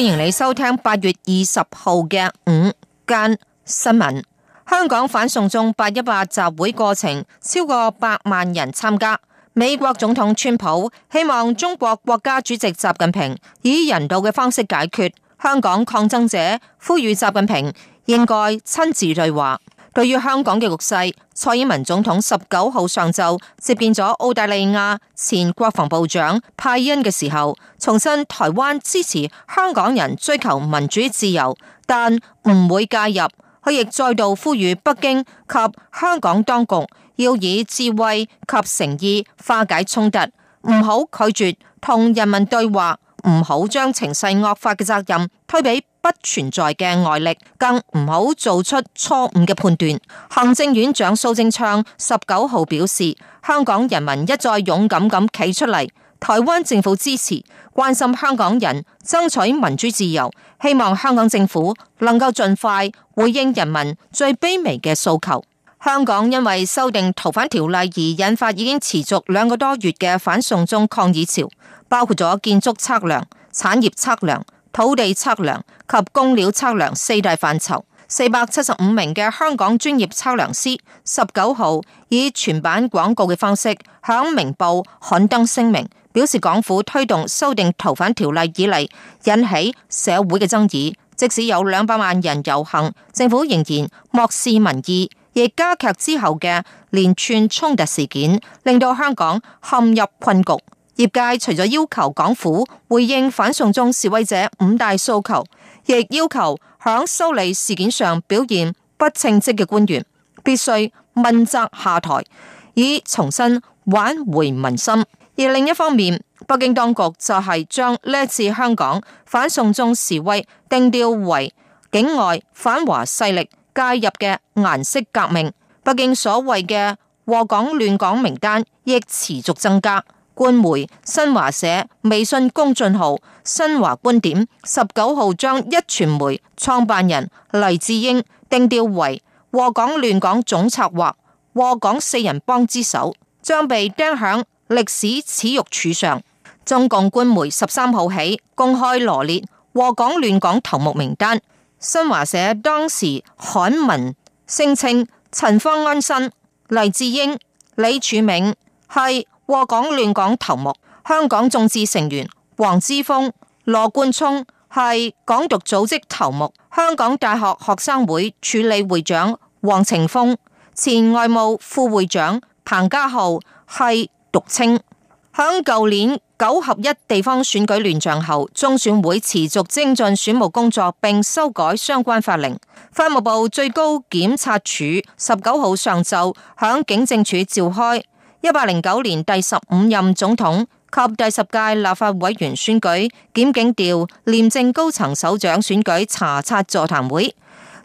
歡迎你收聽八月二十號嘅午間新聞。香港反送中八一八集會過程，超過百萬人參加。美國總統川普希望中國國家主席習近平以人道嘅方式解決香港抗爭者，呼籲習近平應該親自對話。對於香港嘅局勢，蔡英文總統十九號上晝接見咗澳大利亞前國防部長派恩嘅時候，重申台灣支持香港人追求民主自由，但唔會介入。佢亦再度呼籲北京及香港當局要以智慧及誠意化解衝突，唔好拒絕同人民對話，唔好將情勢惡化嘅責任推俾。不存在嘅外力，更唔好做出錯誤嘅判斷。行政院長蘇貞昌十九號表示，香港人民一再勇敢咁企出嚟，台灣政府支持、關心香港人爭取民主自由，希望香港政府能夠盡快回應人民最卑微嘅訴求。香港因為修訂逃犯條例而引發已經持續兩個多月嘅反送中抗議潮，包括咗建築測量、產業測量。土地測量及工料測量四大範疇，四百七十五名嘅香港專業測量師，十九號以全版廣告嘅方式響明報刊登聲明，表示港府推動修訂逃犯條例以嚟引起社會嘅爭議，即使有兩百萬人遊行，政府仍然漠視民意，亦加劇之後嘅連串衝突事件，令到香港陷入困局。業界除咗要求港府回應反送中示威者五大訴求，亦要求響修例事件上表現不稱職嘅官員必須問責下台，以重新挽回民心。而另一方面，北京當局就係將呢次香港反送中示威定調為境外反華勢力介入嘅顏色革命。北京所謂嘅禍港亂港名單亦持續增加。官媒新華社微信公眾號《新華觀點》十九號將一傳媒創辦人黎智英定調為禍港亂港總策劃、禍港四人幫之首，將被釘響歷史恥辱柱上。中共官媒十三號起公開羅列禍港亂港頭目名單。新華社當時刊文聲稱，陳方安生、黎智英、李柱銘係。和港亂港頭目、香港眾志成員黃之鋒、羅冠聰係港獨組織頭目；香港大學學生會處理會長黃程鋒、前外務副會長彭家浩係獨清。響舊年九合一地方選舉亂象後，中選會持續精進選務工作，並修改相關法令。法務部最高檢察署十九號上晝響警政署召開。一八零九年第十五任總統及第十屆立法委員選舉檢警調廉政高層首長選舉查察座談會，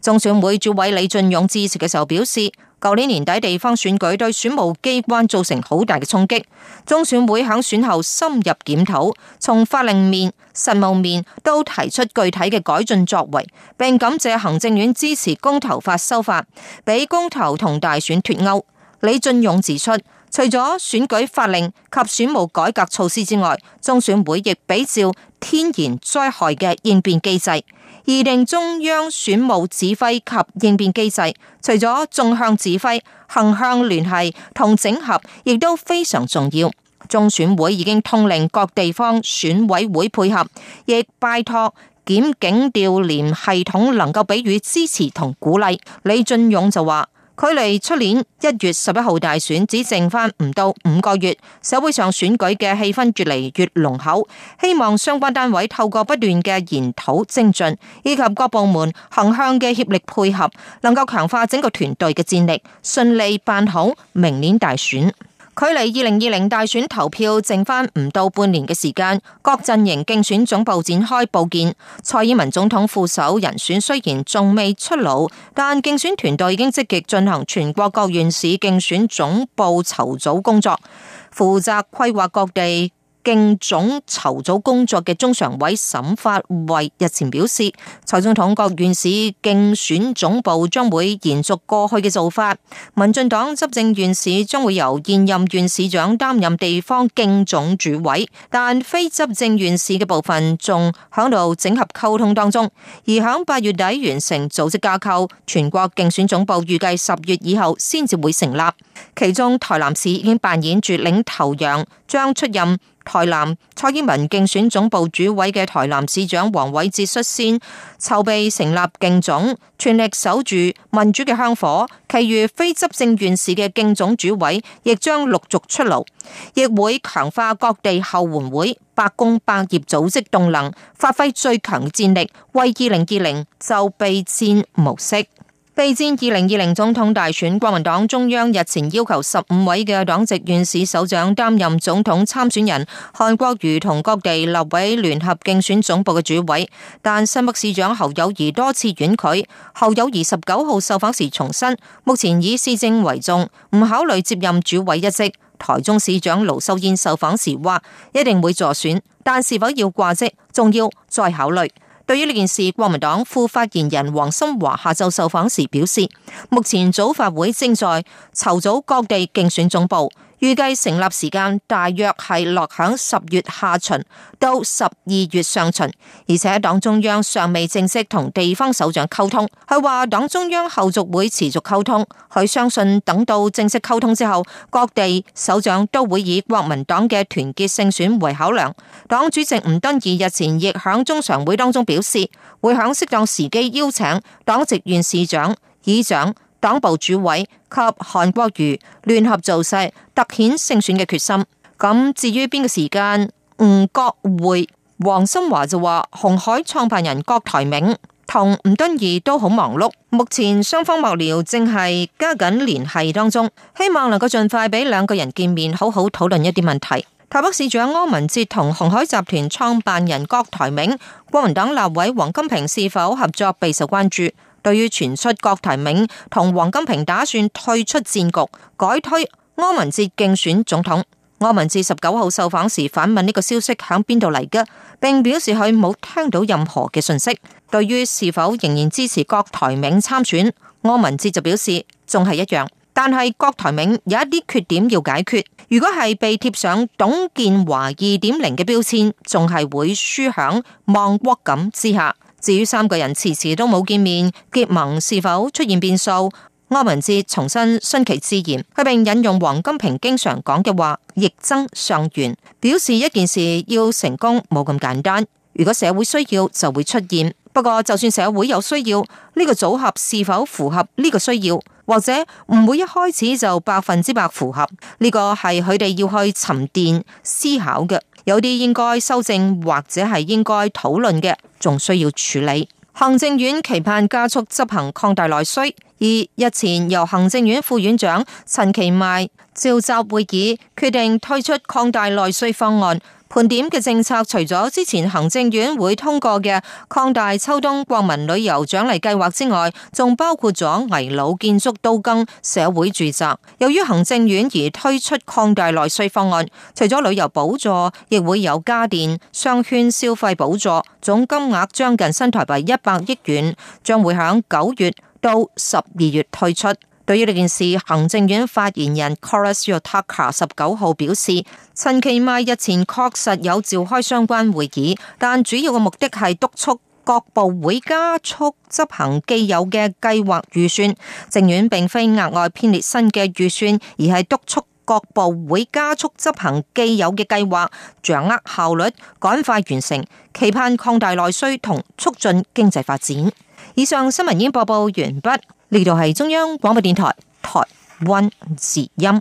中選會主委李進勇致辭嘅時候表示，舊年年底地方選舉對選務機關造成好大嘅衝擊。中選會喺選後深入檢討，從法令面、實務面都提出具體嘅改進作為，並感謝行政院支持公投法修法，俾公投同大選脫鈎。李進勇指出。除咗選舉法令及選務改革措施之外，中選會亦比照天然災害嘅應變機制，而定中央選務指揮及應變機制，除咗縱向指揮、橫向聯繫同整合，亦都非常重要。中選會已經通令各地方選委會配合，亦拜託檢警調聯系統能夠給予支持同鼓勵。李進勇就話。距離出年一月十一號大選只剩返唔到五個月，社會上選舉嘅氣氛越嚟越濃厚。希望相關單位透過不斷嘅研討精進，以及各部門橫向嘅協力配合，能夠強化整個團隊嘅戰力，順利辦好明年大選。距離二零二零大選投票剩返唔到半年嘅時間，各陣營競選總部展開佈建。蔡英文總統副手人選雖然仲未出爐，但競選團隊已經積極進行全國各縣市競選總部籌組工作，負責規劃各地。競總籌組工作嘅中常委沈發慧日前表示，蔡總統各縣市競選總部將會延續過去嘅做法，民進黨執政縣市將會由現任縣市長擔任地方競總主委，但非執政縣市嘅部分仲響度整合溝通當中，而響八月底完成組織架構，全國競選總部預計十月以後先至會成立，其中台南市已經扮演住領頭羊，將出任。台南蔡英文競選總部主委嘅台南市長黃偉哲率先籌備成立競總，全力守住民主嘅香火。其餘非執政縣市嘅競總主委亦將陸續出爐，亦會強化各地後援會、百工百業組織動能，發揮最強戰力，為二零二零就備戰模式。備戰二零二零總統大選，國民黨中央日前要求十五位嘅黨籍縣市首長擔任總統參選人。韓國瑜同各地立委聯合競選總部嘅主委，但新北市長侯友宜多次婉拒。侯友宜十九號受訪時重申，目前以施政為重，唔考慮接任主委一職。台中市長盧秀燕受訪時話，一定會助選，但是否要掛職，仲要再考慮。對於呢件事，國民黨副發言人黃心華下晝受訪時表示，目前組發會正在籌組各地競選總部。預計成立時間大約係落響十月下旬到十二月上旬，而且黨中央尚未正式同地方首長溝通。佢話黨中央後續會持續溝通，佢相信等到正式溝通之後，各地首長都會以國民黨嘅團結勝選為考量。黨主席吳敦義日前亦響中常會當中表示，會響適當時機邀請黨籍縣市長、議長。黨部主委及韓國瑜聯合造勢，凸顯勝選嘅決心。咁至於邊個時間，吳國會、黃心華就話，鴻海創辦人郭台銘同吳敦義都好忙碌，目前雙方幕僚正係加緊聯繫當中，希望能夠盡快俾兩個人見面，好好討論一啲問題。台北市長柯文哲同鴻海集團創辦人郭台銘、國民黨立委王金平是否合作備受關注。對於傳出郭台銘同王金平打算退出戰局，改推柯文哲競選總統，柯文哲十九號受訪時反問呢個消息響邊度嚟嘅，並表示佢冇聽到任何嘅信息。對於是否仍然支持郭台銘參選，柯文哲就表示仲係一樣，但係郭台銘有一啲缺點要解決。如果係被貼上董建華二點零嘅標籤，仲係會輸響亡國感之下。至於三個人遲遲都冇見面，結盟是否出現變數？柯文哲重新順其自然，佢並引用黃金平經常講嘅話：「逆增上緣，表示一件事要成功冇咁簡單。如果社會需要就會出現，不過就算社會有需要，呢個組合是否符合呢個需要，或者唔會一開始就百分之百符合？呢個係佢哋要去沉澱思考嘅。有啲應該修正或者係應該討論嘅，仲需要處理。行政院期盼加速執行擴大內需，二日前由行政院副院長陳其邁召集會議，決定推出擴大內需方案。盤點嘅政策，除咗之前行政院會通過嘅擴大秋冬國民旅遊獎勵計劃之外，仲包括咗危老建築都更、社會住宅。由於行政院而推出擴大內需方案，除咗旅遊補助，亦會有家電、商圈消費補助，總金額將近新台幣一百億元，將會響九月到十二月推出。對於呢件事，行政院發言人 Kolas Yotaka 十九號表示，陳其邁日前確實有召開相關會議，但主要嘅目的係督促各部會加速執行既有嘅計劃預算。政院並非額外編列新嘅預算，而係督促各部會加速執行既有嘅計劃，掌握效率，趕快完成，期盼擴大內需同促進經濟發展。以上新聞已經播報完畢。呢度係中央廣播電台台灣之音。